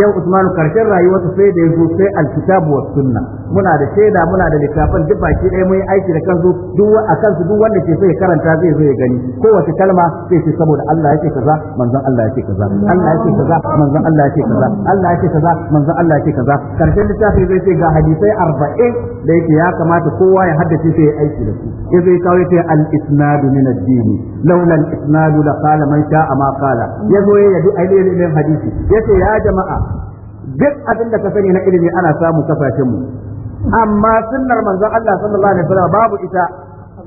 usman karshen rayuwarsa sai da yazo sai alkitabu was sunna muna da shaida muna da littafin duk baki ɗaya mun yi aiki da kansu duk a kansu duk wanda ke so ya karanta zai zo ya gani kowace kalma sai ce saboda Allah yake kaza manzon Allah yake kaza Allah yake kaza manzon Allah yake kaza Allah yake kaza manzon Allah yake kaza karshen littafin zai ce ga hadisai 40 da yake ya kamata kowa ya haddace sai ya aiki da su yazo ya kawo yace al isnadu min ad-din laula al isnadu la qala man sha'a ma qala yazo ya yadu ayyul hadisi yace ya jama'a duk abin da ka sani na ilimi ana samu kasashen mu amma sunnar manzo Allah sallallahu alaihi wasallam babu ita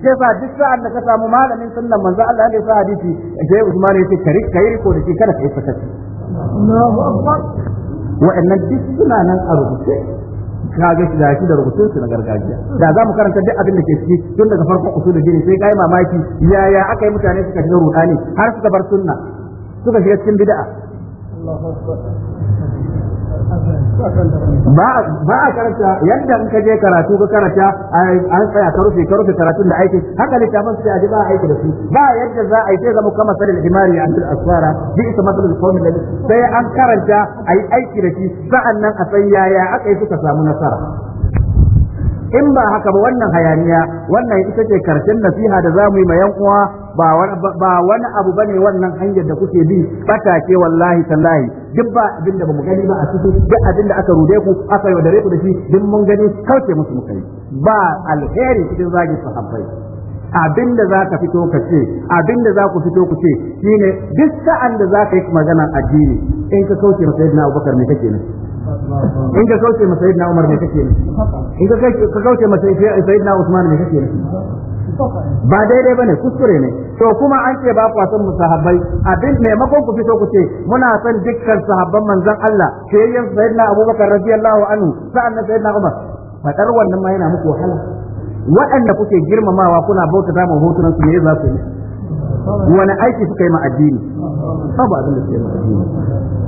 sai fa duk sa'an da ka samu malamin sunnar manzo Allah ne sa hadisi sai Usman ya kare kai riko da shi kada kai sakaci Allahu akbar wa'annan duk suna nan a rubuce kage shi da shi da rubutun su na gargajiya da za mu karanta duk abin da ke ciki tun daga farkon usul dini sai kai mamaki yaya aka yi mutane suka shiga rudani har suka bar sunna suka shiga cikin bid'a Allahu akbar ba a karanta yadda in ka je karatu ka karanta an tsaya ka rufe ka rufe karatun da aiki haka ne sai a ji ba a aiki da su ba yadda za a yi sai zama kama sanin himari a cikin asfara bi isa matsalul qawmi da sai an karanta a yi aiki da shi sa'annan a san yaya aka yi suka samu nasara in ba haka ba wannan hayaniya wannan ita ce karshen nasiha da za mu yi ma yan uwa ba wani ba wani abu bane wannan hanyar da kuke bi batake, wallahi tallahi duk ba abin da bamu gani ba a cikin duk abin da aka rude ku aka dare ku da shi duk mun gani kauce musu muka yi ba alheri cikin zagin sahabbai abin da za ka fito ka ce abin da za ku fito ku ce shine duk sa'an da za ka yi magana addini in ka kauce masa yadda abubakar ne kake nan in ka kauce masa yadda umar ne kake nan in ka kauce masa yadda usman ne kake nan ba daidai bane kuskure ne to kuma an ce ba kwa son sahabbai ne maimakon ku fito ku ce muna san dukkan sahabban manzon Allah fiyayyen sayyidina Abubakar radiyallahu anhu sa'an sayyidina Umar fadar wannan ma yana muku wahala waɗanda kuke girmamawa kuna bautata mu hotunan su ne za su yi wani aiki suka yi ma addini babu abin da suka yi ma addini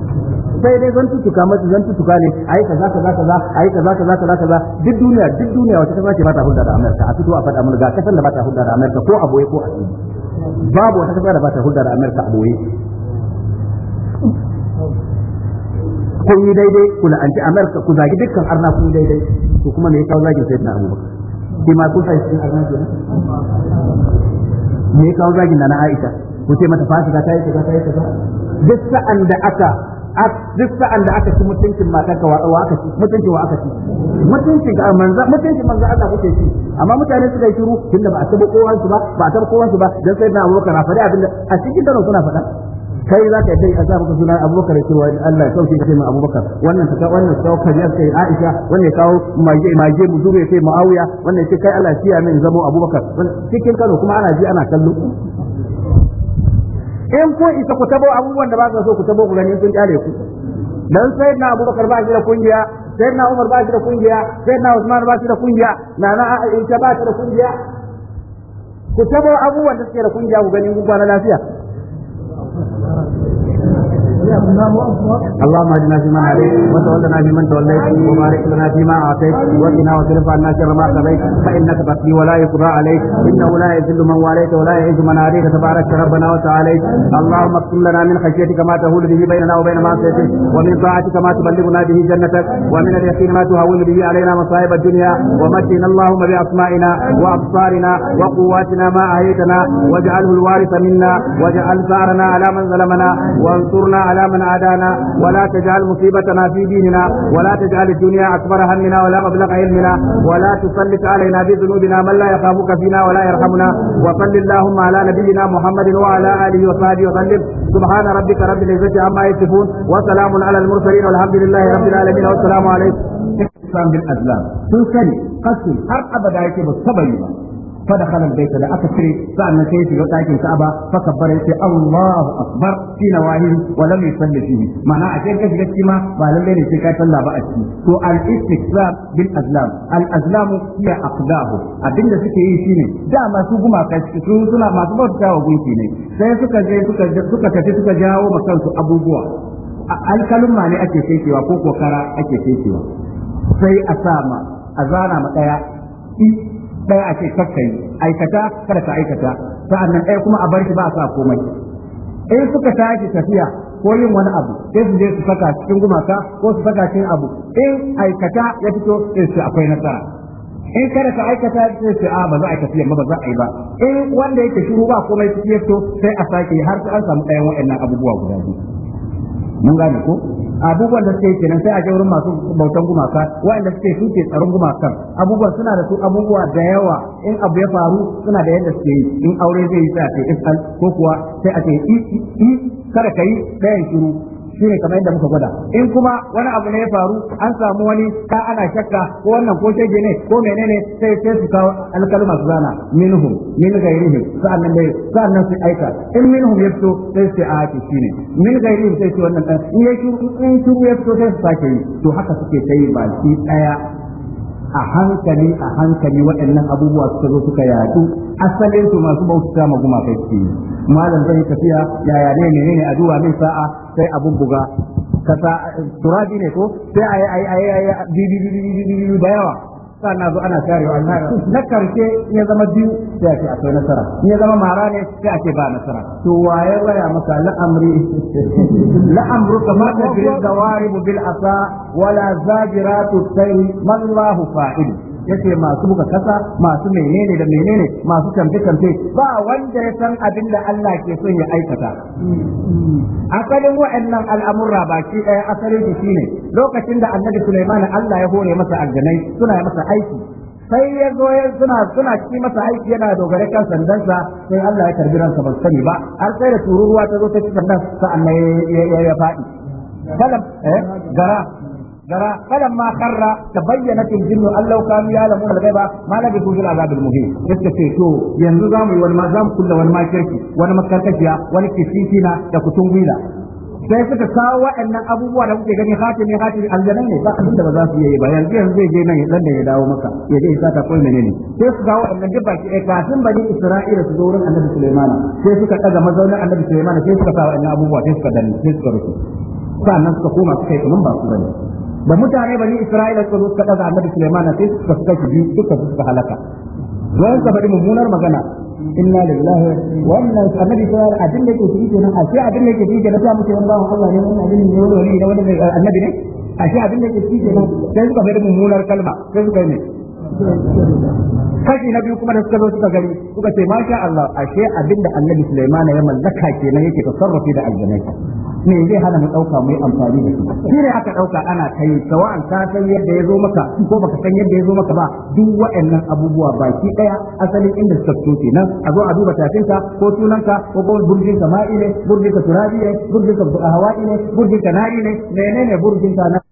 sai dai zan tutuka mata zan tutuka ne yi kaza kaza kaza ai kaza kaza kaza kaza duk duniya duk duniya wata kasa ce ba ta hulɗa da Amerika a fito a faɗa mun ga kasan da ba ta hulɗa da Amerika ko a boye ko a tsini babu wata kasa da ba ta hulɗa da Amerika a boye kun yi daidai ku la'anci Amerika ku zagi dukkan arna kun yi daidai to kuma me ya kawo zagin sai na Abubakar ke ma kun sai cikin arna kenan me ya kawo zagin na Aisha ku ce mata fasika ta yi ta yi kaza duk sa'an da aka duk sa'an da aka ci mutuncin matar ka wa aka ci mutuncin wa aka ci mutuncin ga manzo mutuncin manzo Allah kuke ci amma mutane suka yi shiru tunda ba a taba kowan su ba ba a taba kowan su ba dan sai na Abubakar a faɗi da a cikin daren suna faɗa kai za ka kai a sa maka suna abubakar ce wa Allah ya sauke ka mai abubakar wannan ta wannan ta kawo ya kai Aisha wannan ya kawo maje maje mu dure kai Muawiya wannan ce kai Allah ya min zamo abubakar cikin Kano kuma ana ji ana kallo in kun isa ku tabo abubuwan da ba ka so ku tabo ku gani sun kyale ku dan sai na Abubakar ba shi da kungiya sai na Umar ba shi da kungiya sai na Usman ba shi da kungiya in ta ba shi da kungiya ku tabo abubuwan da suke da kungiya ku gani kun kwana lafiya اللهم اجعلنا في من عليك وتولنا في من توليت وبارك لنا فيما اعطيت وقنا وصرف عنا شر ما قضيت فانك تقضي ولا يقضى عليك انه لا يذل من واليت ولا يعز من عليك تبارك ربنا وتعاليت اللهم اكتم لنا من خشيتك ما تهول به بيننا وبين معصيتك ومن طاعتك ما تبلغنا به جنتك ومن اليقين ما تهون به علينا مصائب الدنيا ومتنا اللهم باسمائنا وابصارنا وقواتنا ما احييتنا واجعله الوارث منا واجعل ثارنا على من ظلمنا وانصرنا على على من عادانا ولا تجعل مصيبتنا في ديننا ولا تجعل الدنيا أكبر همنا ولا مبلغ علمنا ولا تسلط علينا بذنوبنا من لا يخافك فينا ولا يرحمنا وصل اللهم على نبينا محمد وعلى آله وصحبه وسلم سبحان ربك رب العزة عما يصفون وسلام على المرسلين والحمد لله رب العالمين والسلام عليكم. Islam bil Azlam sun sani kasu har abada yake ba saba yi ba. فدخل البيت ده أكثر فأنا سيد في وقتك الكعبة فكبر الله أكبر في نواهي ولم يصلي فيه معنى عشان كيف يجتمع فلم يريد كيف يصلى بأسي تو الاستكساب بالأزلام الأزلام هي أقداه أبين ده سكي يشيني دا ما سوكو ما كشكسو سنا ما سوكو تجاو بيشيني سيسوكا جي سوكا جي سوكا كتي سوكا جاو مكانسو أبو بوا الكلمة ne ake fekewa ko kokara ake fekewa sai a sama a zana ma daya ɗaya a ce kakka yi aikata kada ka aikata sa'annan ɗaya kuma a bar shi ba a sa komai in suka tashi tafiya ko yin wani abu sai su je su saka cikin gumaka ko su saka cikin abu in aikata ya fito sai su akwai nasara in kada ka aikata sai su a ah, ba za a tafiya ba za a yi ba in wanda yake shiru ba komai su fito sai a sake har an samu ɗayan waɗannan abubuwa guda biyu mun gane ko abubuwan da suke kenan sai a ga wurin masu bautan gumaka waɗanda suke suke tsaron gumakan abubuwan suna da su abubuwa da yawa in abu ya faru suna da yadda suke yi in aure zai yi sai a ce ko kuwa sai a ce i i yi kai shiru ne kamar yadda muka gwada in kuma wani abu ne ya faru an samu wani ka ana shakka ko wannan ko shege ne ko menene sai sai su kawo alkalma su zana minhum min gairihim sa'annan dai sa'annan su aika in minhum ya fito sai su a ah, shi ne min gairihim sai su wannan dan in ya shuru in ya fito sai su sake yi to haka suke ta yi baki daya a hankali a hankali waɗannan abubuwa suka zo suka yadu asalin su masu bauta ma guma kai ce malam zai tafiya yaya ne ne ne addu'a mai sa'a sai abun buga kasa turabi ne ko sai ayi ayi ayi da yawa sannan zo ana tarewa na karshe ya zama biyu sai ake akwai nasara in ya zama mara ne sai ake ba nasara to waye waya maka la'amri (laughs) la'amru kamar ta fi zawari bil asa wala zabiratu sayl man fa'il yace masu buga kasa masu menene da menene masu kamfe kamfe ba wanda ya san abin da Allah ke son ya aikata asalin wa'annan al'amurra baki ɗaya asalin shi shine lokacin da annabi Sulaiman Allah ya hore masa aljanai suna masa aiki sai ya zo suna suna ci masa aiki yana dogare kan sandansa sai Allah ya karbi ransa ba sani ba har sai da tururuwa ta zo ta ci sandan sa'an ya faɗi. Garam, eh, gara, gara falamma karra ta bayyana cin jinnu allahu kanu ya lamu da gaiba ma na bisu jin azabul muhim yadda ce to yanzu za mu yi wani mazam kulla wani makirki wani makarkashiya wani kishishina da kutun gwila sai suka kawo waɗannan abubuwa da muke gani hatimi hatimi aljanan ne ba abinda ba za su yi ba yanzu yanzu zai je nan dan da ya dawo maka ya je sa ta koyi menene sai suka kawo waɗannan duk baki eh kafin bani isra'ila su zo wurin annabi sulaiman sai suka daga mazaunin annabi sulaiman sai suka kawo waɗannan abubuwa sai suka danne sai suka suka koma suka yi kaman ba su bane da mutane bani Isra'ila suka zo suka ɗaga annabi Sulaiman sai suka suka biyu duka suka halaka don ka faɗi mummunar magana inna lillahi wannan annabi Sulaiman abin da yake ciki kenan ashe abin da yake ciki kenan sai muke yan bawan Allah ne wannan abin ne wani ne wani annabi ne abin da yake ciki kenan sai suka faɗi mummunar kalma sai suka yi kashi na biyu kuma da suka zo suka gani suka ce masha Allah ashe abin da annabi Sulaiman ya mallaka kenan yake tasarrufi da aljanai me zai hana mu dauka mu yi amfani da su shi ne aka dauka ana ta yi sawa'an ka san yadda ya zo maka ko baka san yadda ya zo maka ba duk waɗannan abubuwa baki daya asalin inda suka fito kenan a zo a duba tafinka ko sunanka ko ko burjin ka ma'ile burjin ka turabi ne burjin ka hawa'i ne burjin ka na'i ne menene burjin ka na